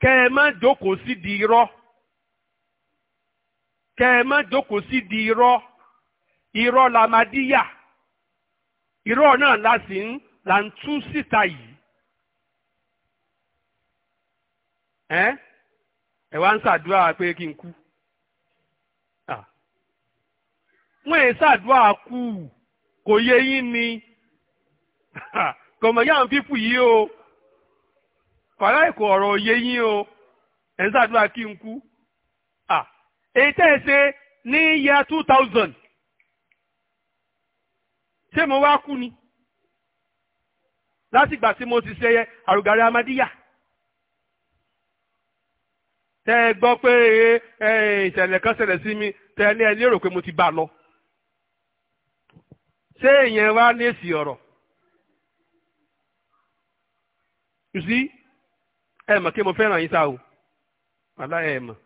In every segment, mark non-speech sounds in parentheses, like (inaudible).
kẹ́ ẹ jókòó sí di irọ́ kẹ́ jókòó sí di irọ́ irọ́ la máa díyà irọ́ náà la sì ń là ń tú síta yìí. ẹ ẹ wá ń ṣàdúrà pé kí n kú wọ́n ẹ̀ ṣàdúrà kú kò yẹ yín ni kọ̀mọ̀yá ń fífù yìí o. kọ̀ọ̀rá èkó ọ̀rọ̀ òye yín o ẹ̀ ń ṣàdúrà kí n kú èyí tẹ́ ẹ ṣe ní year two thousand ṣé mo wá kú ni látìgbà tí mo ti ṣe àrùgàrí amadíyà tẹ ẹ gbọ́ pé ìṣẹ̀lẹ̀ kan ṣẹlẹ̀ sí mi tẹ ẹ ní ẹ lérò pé mo ti bá lọ ṣé èèyàn wá ní èsì ọ̀rọ̀ you see ẹ mọ̀ kí mo fẹ́ràn yín sá o wàlá ẹ mọ̀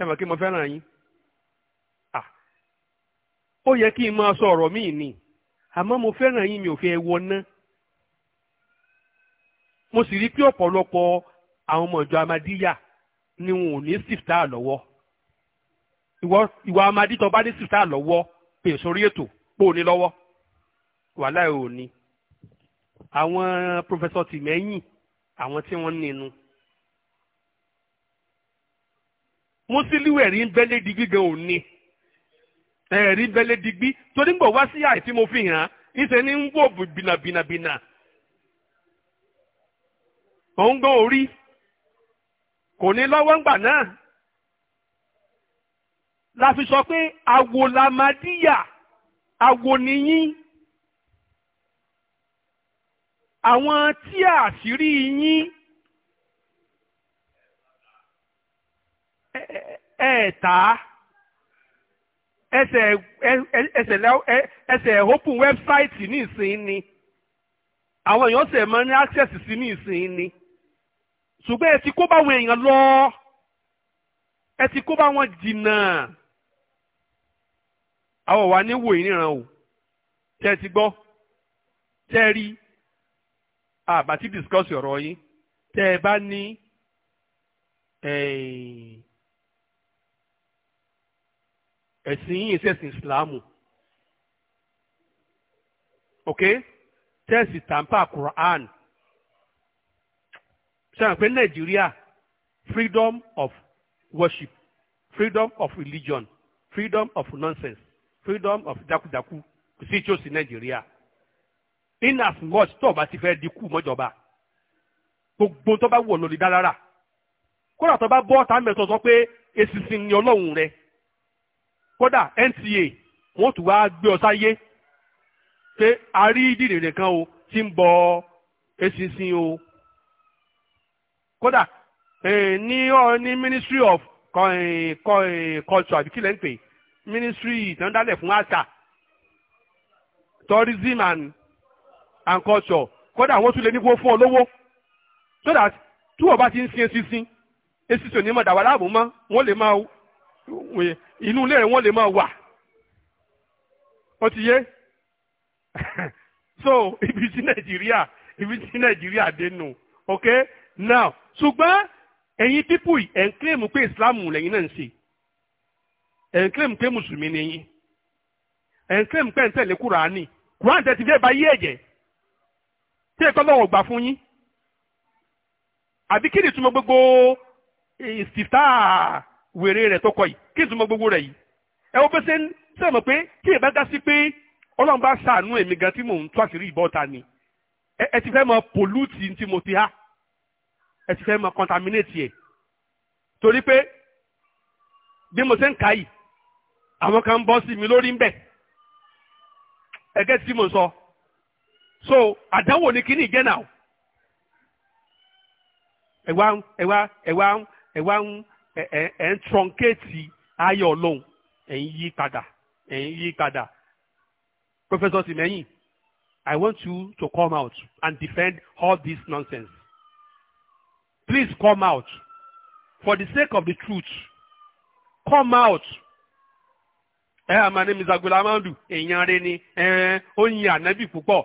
ẹ mọ̀ kí mo fẹ́ràn yín à ah. ó yẹ kí n máa sọ ọ̀rọ̀ míì ni àmọ́ mo fẹ́ràn yín mi ò fẹ́ wọ ná mo sì rí pé ọ̀pọ̀lọpọ̀ àwọn ọmọ ìjọ amadíyà ni wọn ò ní sìftà lọ́wọ́ ìwọ ìwọ amadítọ́ bá ní sìftà lọ́wọ́ pè sórí ètò pò ní lọ́wọ́ wàhálà ẹ̀ ò ní àwọn pòfẹ́sọ̀ tìmẹ́yìn àwọn tí wọ́n nínú. músílíù ẹ̀rí ń bẹ́lẹ́ digbí gan ò ẹ̀rí ń bẹ́lẹ́ digbí torí ń bọ̀ wá sí àì tí mo fi hàn án níṣẹ́ ni ń wò bìnàbìnàbìnà òun gbọ́ orí kò ní lọ́wọ́ ńgbà náà la fi sọ pé awo la máa díyà awo nìyí àwọn tí àṣírí yín ẹ̀ẹ̀ta ẹsẹ̀ ẹsẹ̀ open website nísìnyí ni àwọn èèyàn ṣe máa ní access sí nísìnyí ni ṣùgbọ́n ẹ ti kó báwọn èèyàn lọ ẹ ti kó báwọn jìnnà àwọn wà ní wòyí níran o tẹ́ ẹ ti gbọ́ tẹ́ ẹ rí i àbá ah, ti discuss ọ̀rọ̀ yín tẹ́ ẹ bá ní eh, ẹ̀sìn yín ìṣẹ̀sìn ìsìláàmù ok tẹ́ẹ̀sì tàǹpà Quran sọ̀rọ̀ pé Nàìjíríà freedom of worship freedom of religion freedom of nonsense freedom of jakujaku kò sí ìjọsìn Nàìjíríà in as much tó o bá ti fẹ́ di kú mọ́jọba gbogbo tó bá wù ọ́ lórí dálára kódà tó bá bọ́ ọ̀tá mẹ́tọ́ sọ pé eṣinṣin ni ọlọ́run rẹ kódà NTA wọ́n tún wá gbé ọ sáyé pé a rí dìrì nìkan o ti ń bọ eṣinṣin o kódà ní ọ ní Ministry of Culture àbí kílẹ̀ ń pè Ministry ìtàn dálẹ̀ fún àṣà tourism and and culture kódà wọ́n tún lè ní kó fún ọ lówó so that tí wọ́n bá ti ń sin esinsin esinsin ò ní mọ̀ dàwà láàbò mọ́ wọ́n lè máa inú ilé rẹ̀ wọ́n lè máa wà ó ti yé (laughs) so ibi tí nàìjíríà ibi tí nàìjíríà dé nù ok now ṣùgbọ́n ẹ̀yin pípù ẹ̀ ń kílèmù pé ìsìláàmù lẹ́yìn náà ń ṣe ẹ̀ ń kílèmù pé mùsùlùmí ni yín ẹ̀ ń kílèmù pé ń tẹ̀lé kúránì kúránì tẹ̀ ti fẹ́ bá yí ẹ̀jẹ̀ tí ẹ̀kọ́ lọ́wọ́ gbà fún yín àbí kí ni ìtumọ̀ gbogbo ìsìtá wèrè rẹ̀ tó kọ yìí kí ni ìtumọ̀ gbogbo rẹ̀ yìí ẹ wo pèsè sẹ́mọ̀ pé kí ìbá dá sí pé ọlọ́run bá ṣàánú èmi gan tí mò ń tú àṣírí ìbọ́ta ni ẹ ti fẹ́ mọ pòlúùtì tí mo ti há ẹ ti fẹ́ mọ kọ́ntàmínétì ẹ̀ torí pé bí mo ṣe ń ka yìí àwọn kan ń bọ́ sí mi lórí ń bẹ̀ ẹgẹ́ tí mo sọ so àdánwò ni kíní jẹ́ náà ẹ̀wá ẹ̀wá ẹ̀wá ẹ̀wá ẹ̀ ń trunkéètì ayé ọlọ́run ẹ̀ ń yí padà ẹ̀ ń yí padà Professor Simeyin I want you to come out and defend all this nonsense. Please come out for the sake of the truth. Come out. Ẹ àmà ni Mr. Gulamandu èèyàn rẹ ni ó ń yin ànábì púpọ̀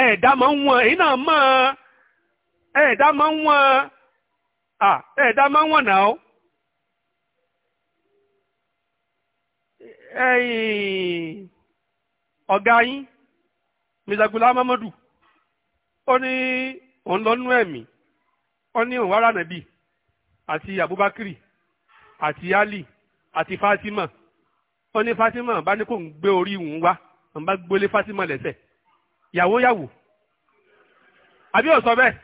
ẹ̀ẹ̀dá máa ń wọ̀n èyí náà mọ̀ ẹ̀ẹ̀dá máa ń wọ̀n ẹ̀ẹ̀dá máa ń wọ̀n náà ẹ̀yìn ọ̀gá yín Mr. Gulam Amadu ó ní òun lọ́nú ẹ̀mí ó ní òun wàrà nàbì àti Abubakar àti Ali àti Fatima ó ní Fatima bá ní kò ń gbé orí òun wá òun bá gbélé Fatima lẹ́sẹ̀. yàwó yàwó àbí ó ha bẹ́ẹ̀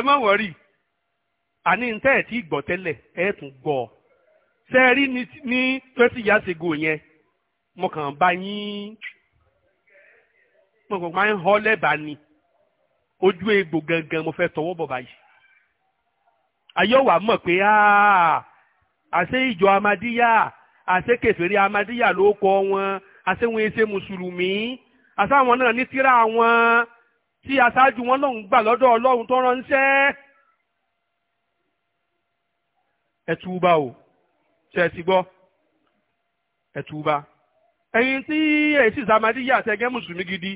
(laughs) ẹ má wọ̀rí àní ntẹ́ ẹ̀ tí gbọ́ tẹ́lẹ̀ ẹ̀ tún gbọ́ ṣe rí ní twenty years ago yẹn mo kàn bá yín mo kàn máa ń họ́ lẹ́bàá ni ojú egbò gangan mo fẹ́ tọwọ́ bọ̀ báyìí wa mọ̀ pé àṣé ìjọ amadíyà àṣé kẹfẹ́rí amadíyà ló kọ́ wọn àṣé wọn ṣe mùsùlùmí àsáwọn náà ní tírà àwọn tí aṣáájú wọn lòun gbà lọ́dọ̀ ọlọ́run tó ránṣẹ́ ẹ̀túba o ṣe ẹ̀ sì gbọ́ ẹ̀túba ẹ̀yin tí èsì sàmádì yà àtẹ̀gẹ́ mùsùlùmí gidi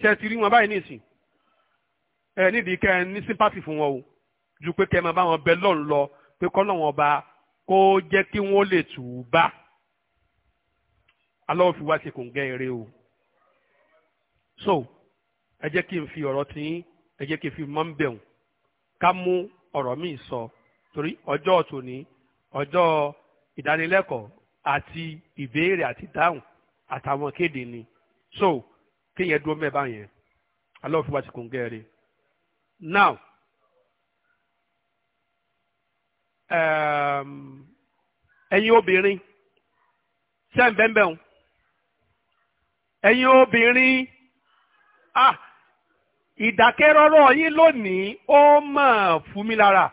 ṣe ti rí wọn báyìí nìsín ẹ nídìí kẹ́ ẹ ní sympathy fún wọn o ju pé kẹ́ máa bá wọn bẹ lọ́run lọ pé kọ́lọ́run ọba kó jẹ́ kí wọ́n lè tù ú bá alọ́ fi wá ṣe kò ń gẹ́ eré o so ẹ jẹ́ kí n fi ọ̀rọ̀ tí ẹ jẹ́ kí n fi mọ́ ń bẹ̀rù ká mú ọ̀rọ̀ míì sọ torí ọjọ́ tòní ọjọ́ ìdánilẹ́kọ̀ọ́ àti ìbéèrè àti dáhùn àtàwọn kéde ni so kéèyàn dúró mẹ́ẹ̀bá yẹn alọ́ọ̀fù wa ti kò gẹ́rẹ́ now um, ẹ̀yin obìnrin ṣẹ́ ń bẹ́ẹ̀ bẹ́ẹ̀ o ẹ̀yin obìnrin ah ìdákẹ́rọ́rọ́ yín lónìí ó mọ̀ fún mi lára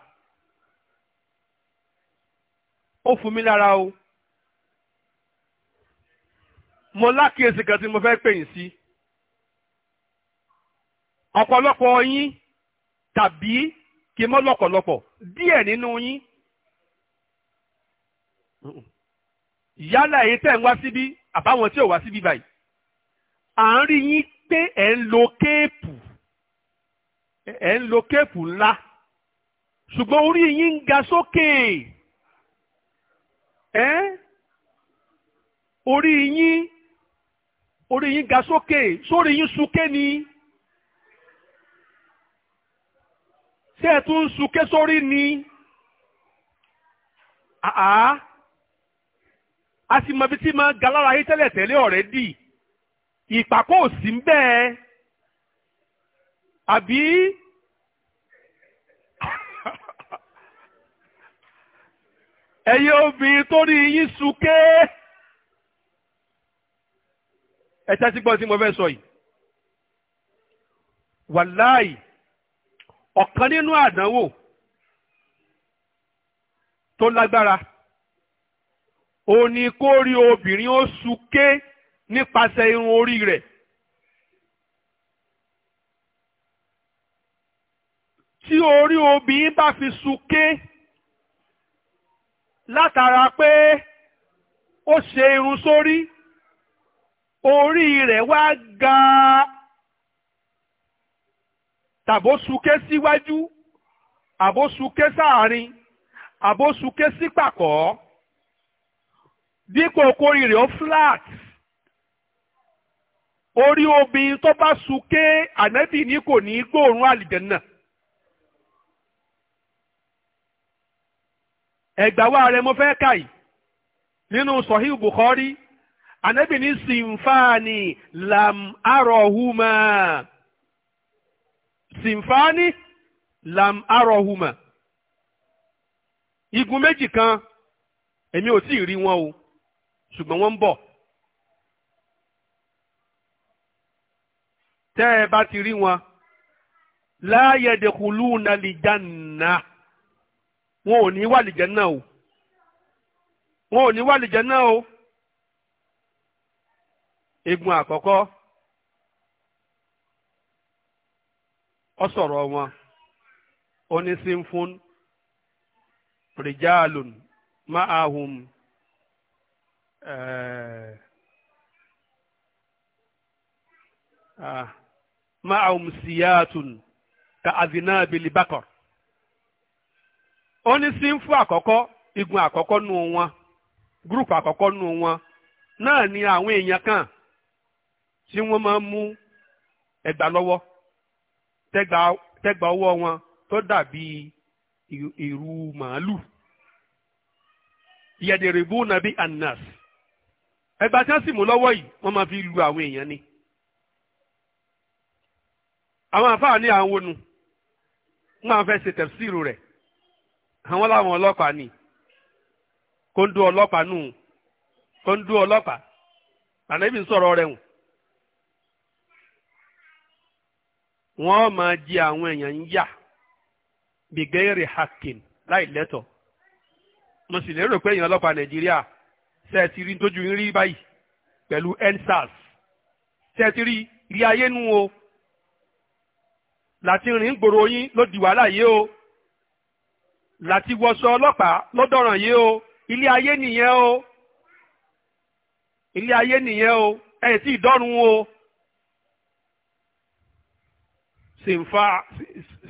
ó fún mi lára o mo lákìyèsí kan tí mo fẹ́ pè yín sí ọ̀pọ̀lọpọ̀ yín tàbí kí mọ́ lọ́pọ̀lọpọ̀ díẹ̀ nínú yín yálà èyí tẹ̀ ń wá síbí àbáwọn tí ò wá síbí báyìí à ń rí yín pé ẹ̀ ń lo kéèpù ẹ̀ lo kéèpù ńlá ṣùgbọ́n orí yín ń ga sókè ẹ́ orí yín orí yín ga sókè sórí yín súnké ni ṣé ẹ̀ tún súnké sórí ni àá a sì mọ ibi tí ma ga lára yín tẹ́lẹ̀ tẹ́lẹ̀ ọ̀rẹ́ dì. ìpàkọ́ ò sí ń bẹ́ẹ̀ àbí (laughs) ẹ̀yin obìnrin tó rí yín sunké ẹ tẹ́tí gbọ́ tí mo fẹ́ sọ yìí wàláì ọ̀kan nínú àdánwò tó lágbára òní kó rí obìnrin ó sunké nípasẹ̀ irun orí rẹ̀. tí orí obìnrin bá fi súnké látara pé ó ṣe irun sórí orí rẹ̀ wá ga tàbó súnké síwájú àbó súnké sáàrin àbó súnké sí dípò kórìrè ó flat orí obìnrin tó bá súnké ànábì ní kò ní gbóòórùn àlìjẹ̀nà. ẹ̀gbàwá rẹ̀ mo fẹ́ kà yìí nínú sọ̀hí Bukhari ànábì ní sinfani lam arohuma sinfani lam arohuma igun méjì kan èmi ò tí ì rí wọn o ṣùgbọ́n wọ́n ń bọ̀. tẹ́ ẹ bá ti rí wọn láyẹ̀dẹ̀kùlù nàlìjánà wọn ò ní wà lìjẹ́ náà o wọn ò ní wà lìjẹ́ náà o egun àkọ́kọ́ ọ sọ̀rọ̀ wọn onísìnfún rìjálùn máàhùn ẹ̀ẹ́. Eh, ah máàhùn síyáàtùn ka azinaa bìlì bákọ̀. ó ní sínfù àkọ́kọ́ igun àkọ́kọ́ nù wọn gúrùpù àkọ́kọ́ nù wọn náà ni àwọn èèyàn kan tí wọ́n máa ń mú ẹgbà lọ́wọ́ tẹ́gbà ọwọ́ wọn tó dàbí ìrù màálù yẹ̀dẹ̀rẹ̀bù nàbí anas ẹgbà tí wọ́n sì mú lọ́wọ́ yìí wọ́n máa fi lu àwọn èèyàn ni. àwọn àfáà ní àwọn wonu ń máa fẹ́ ṣe tẹ̀síìrù rẹ̀ àwọn láwọn ọlọ́pàá ni kóńdó ọlọ́pàá nù kóńdó ọlọ́pàá ànábì ń sọ̀rọ̀ rẹ̀ hùn. wọ́n máa jí àwọn èèyàn ń yà bìgẹ́rì hakin láì lẹ́tọ̀ mo sì lérò pé èèyàn ọlọ́pàá nàìjíríà ṣe ti rí tójú rí báyìí pẹ̀lú endsars ṣe ti rí rí ayé nu o láti rìn gbòòrò yín ló di wàhálà yìí o láti wọṣọ ọlọ́pàá ló dọ̀ràn yìí o ilé ayé nìyẹn o ilé ayé nìyẹn o ẹ̀ tí ìdọ́run o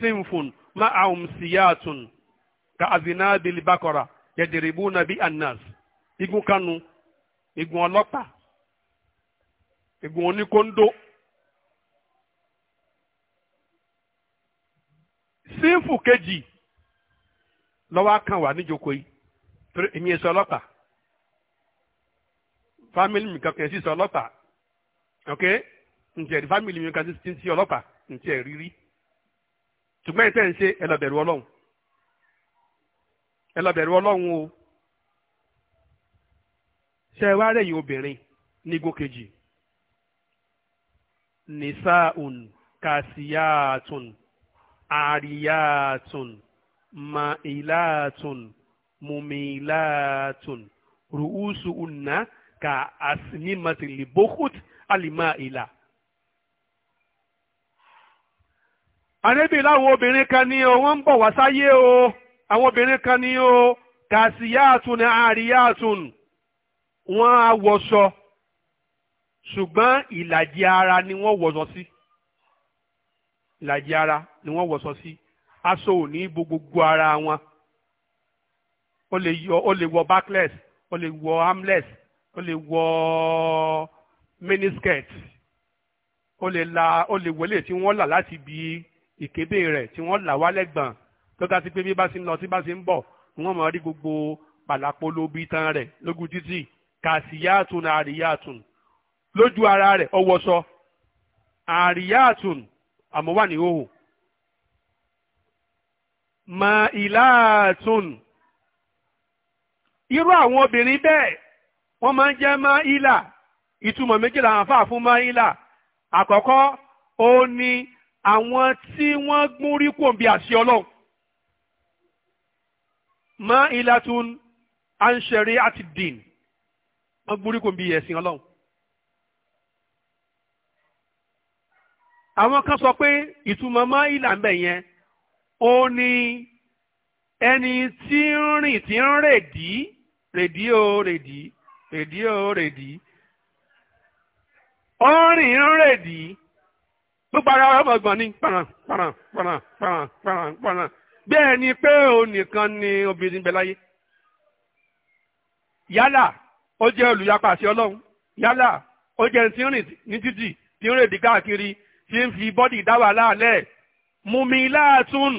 sinfun ma ahum siyatun ka azina bil bakora yadiribu na bi anas igun kanu igun ọlọ́pàá igun oníkóńdó. sífù kejì lọ́wọ́ kan wà níjókòó yìí torí èmi èso ọlọ́pàá fámìlì mi kankan èsì sọ ọlọ́pàá ok ǹjẹ́ ẹ̀rí fámìlì mi kankan ti ń sí ọlọ́pàá ǹjẹ́ ẹ̀rí rí ṣùgbọ́n ìtẹ́ ń ṣe ẹ lọ bẹ̀rù ọlọ́run ẹ ọlọ́run o ṣe wá rẹ̀yìn obìnrin nígbó kejì nìsáàùn kàṣíyàtùn àríyáàtún màìláàtún mùmìláàtún rùúsù ùnà ka àsìnímàtìlì bókút àlìmá ìlà. àrẹ́bí láwọn obìnrin kan ní o wọ́n ń bọ̀ wá sáyé o àwọn obìnrin kan ní o kàṣíyàtún àríyàtún wọ́n á wọṣọ ṣùgbọ́n ìlàjì ara ni wọ́n wọṣọ sí. Si ìlàjì ara ni wọ́n wọ̀sọ sí aṣọ ò ní bo gbogbo ara wọn ó lè yọ ó lè wọ backless ó lè wọ armless ó lè wọ miniskirt ó lè la ó lè wọlé tí wọ́n là láti bi ìkébé rẹ̀ tí wọ́n là wálẹ̀ gbọ̀n lọ́gà sí pé bí bá ti ń lọ sí bá ti ń bọ̀ ni wọ́n máa rí gbogbo pàlàpolo bí tán rẹ̀ lógún títì kàṣíyàtún àríyàtún lójú ara rẹ̀ ọwọ́sọ àríyàtún àmọ́ wà ní òhò mà ìlàtún irú àwọn obìnrin bẹ́ẹ̀ wọ́n máa ń jẹ́ má ìlà ìtumọ̀ méjì làwọn afáà fún má ìlà àkọ́kọ́ ó ní àwọn tí wọ́n gún rí kò bí àṣẹ ọlọ́run má ìlàtún àǹṣẹ̀rí àti dìn wọ́n gún rí kò bí ẹ̀sìn ọlọ́run àwọn kan sọ pé ìtumọ̀ mọ́ ìlà ń bẹ̀ yẹn ó ní ẹni tí ń rìn tí ń rèdí rèdí o rèdí rèdí o rèdí ó rìn ń rèdí gbogbo ara ọmọ ọgbọ̀n ní pàràn pàràn pàràn pàràn pàràn pàràn bẹ́ẹ̀ ni pé òun nìkan ni obìnrin bẹ láyé yálà ó jẹ́ olùyapa àti ọlọ́run yálà ó jẹ́ ní tí ń rìn ní títì tí ń rèdí káàkiri tí ń fi bọ́dì dá wà láàlẹ́ mumi láàtún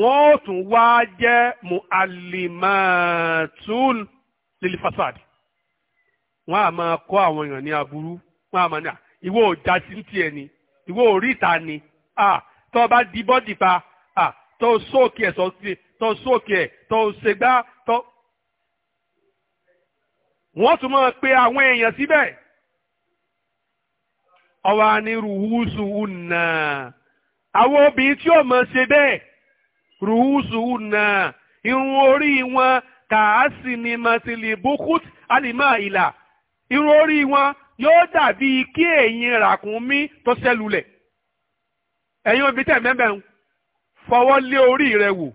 wọ́n ó tún wá jẹ́ mu'allimatun lil fasad wọ́n á máa kọ́ àwọn èèyàn ní aburú wọ́n á máa ní à ìwọ ò já sí tiẹ̀ ni ìwọ ò ìta ni tó o bá di bọ́dì pa tó o sóòkè ẹ̀ sọ́sí tó o sóòkè ẹ̀ tó o ṣègbà tó. wọ́n tún máa pe àwọn èèyàn síbẹ̀ ọwọ́ ní rùhúsù nà àwọn obìnrin tí ó mọ̀ ṣe bẹ́ẹ̀ rùhúsù nà irun orí wọn kàásì ni mọ̀tìlì bukut alimá ìlà irun orí wọn yóò dàbí kí èyìn ràkúnmí tó ṣẹlulẹ̀ ẹ̀yin obìnrin tẹ̀ mẹ́bẹ̀ ń fọwọ́ lé orí rẹ wò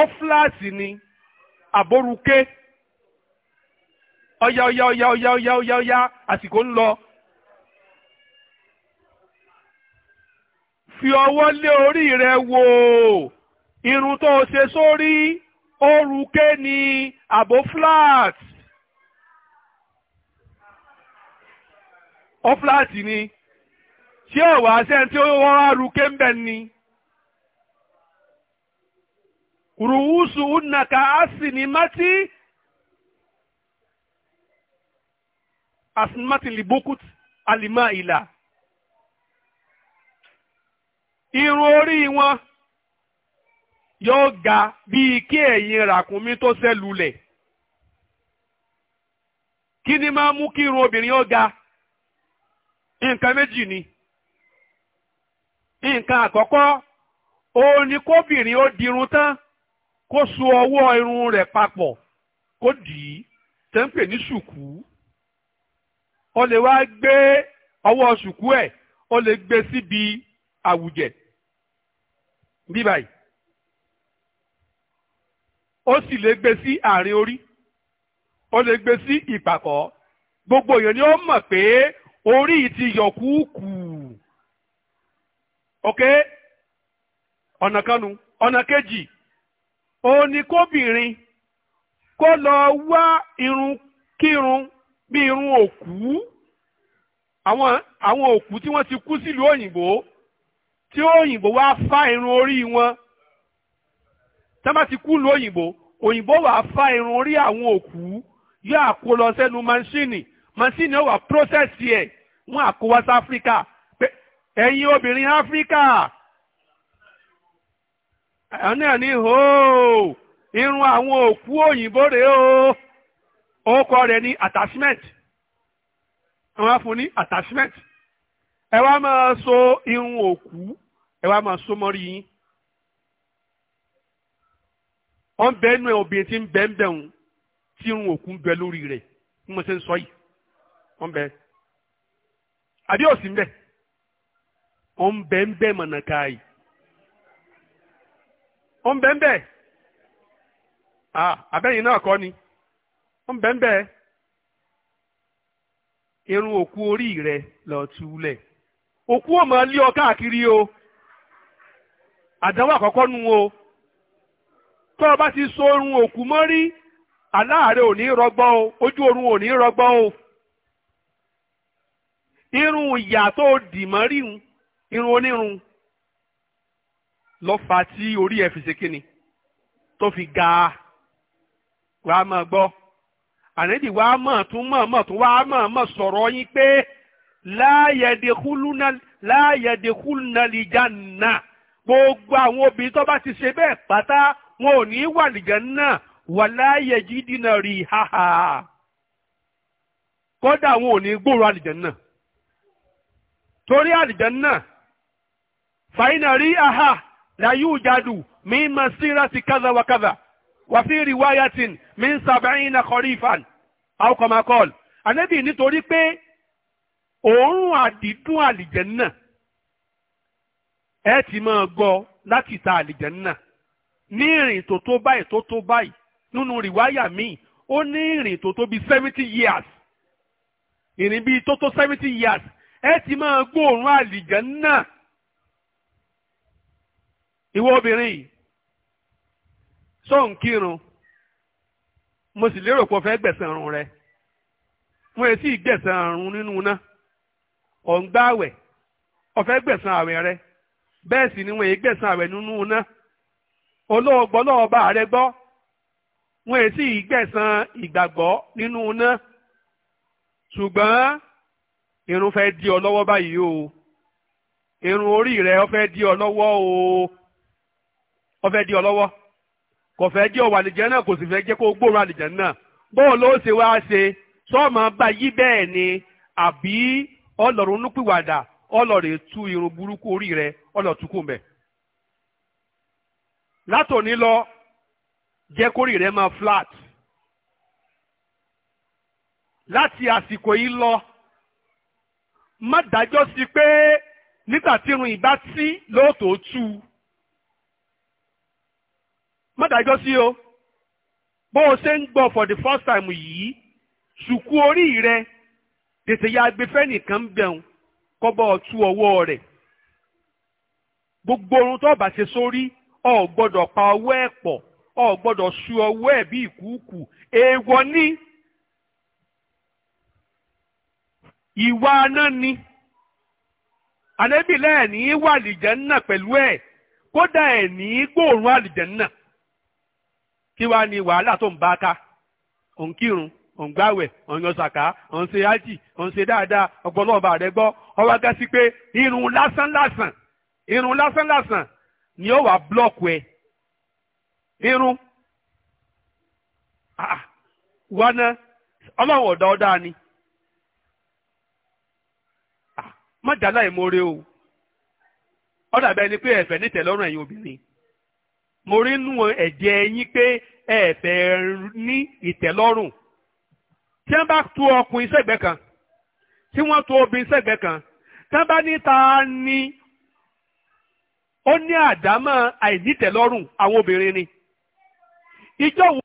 ọ́fíláàsì ni àbórúké ọ̀yá ọ̀yá ọ̀yá ọ̀yá ọ̀yá ọ̀yá ọ̀yá àsìkò ń lọ. fi ọwọ́ lé orí rẹ wò irun tó o ṣe sórí òrùké ni àbò flat ó flat ni ṣé ọ̀wá sẹ́ni tí wọ́n á rúké ń bẹ̀ ni. rùwúsù nàkà á sì asmatin libukut alima ila irun orí wọn yóò ga bíi kí ẹ̀yìn ràkúnmí tó ṣẹ́ lulẹ̀ kí ni máa mú kí irun obìnrin yóò ga nǹkan méjì ni nǹkan àkọ́kọ́ òun ni kóbìnrin ó dirun tán kó so ọwọ́ irun rẹ̀ papọ̀ kó dì í tẹ́ ń pè ní o lè wá gbé ọwọ́ ṣùkú ẹ̀ o lè gbé síbi àwùjẹ bí báyìí ó sì lè gbé sí àárín orí ó lè gbé sí ìpàkọ́ gbogbo èèyàn ni ó mọ̀ pé orí yìí ti yọ kúùkù ok ọ̀nà kanu ọ̀nà kejì òun ni kóbìnrin kó lọ wá irun kírun bí irun òkú àwọn àwọn òkú tí wọ́n ti kú sílùú òyìnbó tí òyìnbó wá fá irun orí wọn tí ti kú lù òyìnbó òyìnbó wá fá irun orí àwọn òkú yóò àkó lọ sẹ́nu mansíìnì mansíìnì ó wá prósẹ́sì ẹ̀ wọ́n àkó wá sí áfíríkà ẹ̀yin obìnrin áfíríkà àwọn náà ní hóò irun àwọn òkú òyìnbó rèé o orúkọ rẹ̀ ní attachment wọ́n á fún ní attachment ẹ wá máa so irun òkú ẹ wá máa so mọ́rí yín wọ́n bẹ́ẹ̀ nù ẹ̀ obìnrin tí ń bẹ́ẹ̀ ń bẹ̀ ń tí irun òkú ń bẹ lórí rẹ̀ bí mo ṣe ń sọ yìí wọ́n bẹ́ẹ̀ àbí òsì ń bẹ̀ wọ́n bẹ́ẹ̀ ń bẹ̀ mọ̀nàká yìí wọ́n bẹ́ẹ̀ ń bẹ̀ ah, abẹ́yìn náà kọ́ ni. ó ń bẹ́ẹ̀ bẹ́ẹ̀ irun òkú orí rẹ lọ túlẹ̀ òkú ò máa lé ọ káàkiri o àdánwò àkọ́kọ́ nu o tó bá ti so irun òkú mọ́rí aláàárẹ̀ ò ní rọgbọ o ojú oorun ò rọgbọ o irun ya tó dì mọ́ rí irun onírun lọ fà tí orí ẹ̀ fi fi ga ànẹ́bì wa mọ̀ tún mọ̀ mọ̀ tún wá mọ̀ mọ̀ sọ̀rọ̀ yín pé láyẹ̀dẹ̀kúlùnà lìjànà gbogbo àwọn obìnrin tó bá ti ṣe bẹ́ẹ̀ pátá wọn ò ní wà lìjànà wà láyẹ̀jídìnà rí haha kódà wọn ò ní gbòòrò àlìjànà torí àlìjànà fàyínà rí aha láyújàdù mímọ síra ti kazawa kaza wàfíì rìwáyàtìn min sàbẹ̀yìn na kọ̀rífàn àwòkọ́mọkọ́ọ̀lù ànábì nítorí pé òórùn àdídùn àlìjẹ́nnà ẹ ti máa gbọ́ láti ta àlìjẹ́nnà ní ìrìn tó tó báyìí tó tó báyìí nínú rìwáyà míì ó ní ìrìn tó tó bíi seventy years ìrìn bíi tó tó seventy years ẹ ti máa gbọ́ òórùn àlìjẹ́nnà ìwọ obìnrin yìí sọ ń mo sì lérò pé o fẹ́ gbẹ̀sán ọ̀run rẹ wọn èsì gbẹ̀sán ọ̀run nínú iná ọ̀ ń gbá àwẹ̀ o fẹ́ gbẹ̀sán àwẹ̀ rẹ bẹ́ẹ̀ sì ni wọn èyí gbẹ̀sán àwẹ̀ nínú iná olóògbọ́ lọ́ọ̀bá rẹ gbọ́ wọn èsì gbẹ̀sán ìgbàgbọ́ nínú iná ṣùgbọ́n irun fẹ́ di ọ lọ́wọ́ báyìí o irun orí rẹ ọ fẹ́ di ọ lọ́wọ́ o ọ fẹ́ di ọ lọ́wọ́. kò fẹ́ jẹ́ ọ̀wà àlìjẹ́ náà kò sì fẹ́ jẹ́ kó gbòòrò àlìjẹ́ náà bóò ló ṣe wá ṣe sọ́ọ̀mọ́ bá yí bẹ́ẹ̀ ni àbí ọlọ́run núpìwàdà ọlọ́rẹ̀ tú irun burúkú orí rẹ ọlọ́tukù mẹ́. látòní lọ jẹ́ kórì rẹ flat láti àsìkò yìí lọ má dájọ́ sí pé nígbà tí irun ìbá sí mmadụ ajọsi o gbo ose ngbo for the first time yi suku ori re tete ya gbefe nikan bẹun kọbọ otu owo re gbogbo orun to ba se sori o gbọdọ pa owo e pọ ọ gbọdọ su owo e bi ikuku ewo ni iwa na ni anabi lẹni iwa nna pẹlu e kódà ẹni gbòòrùn nna. kí wá ní wàhálà tó ń bá ká òun kírun òun gbáwẹ̀ sàká ṣe ájì òun ṣe dáadáa ọgbọlọọba rẹ gbọ́ ọwọ sí pé irun lásán irun lásán ni ó wà blọọkù ẹ ah, ah. ọdọ ni ah, má o ni pé ẹ̀yin obìnrin mo rí nù ẹ̀jẹ̀ yín pé ẹ fẹ́ ní ìtẹ́lọ́rùn tí wọ́n bá tú ọkùnrin sẹ́gbẹ́ kan tí wọ́n tú obìnrin sẹ́gbẹ́ kan tí wọ́n bá ní ta ni ó ní àdámọ́ àìnítẹ̀lọ́rùn àwọn obìnrin ni ìjọ wo.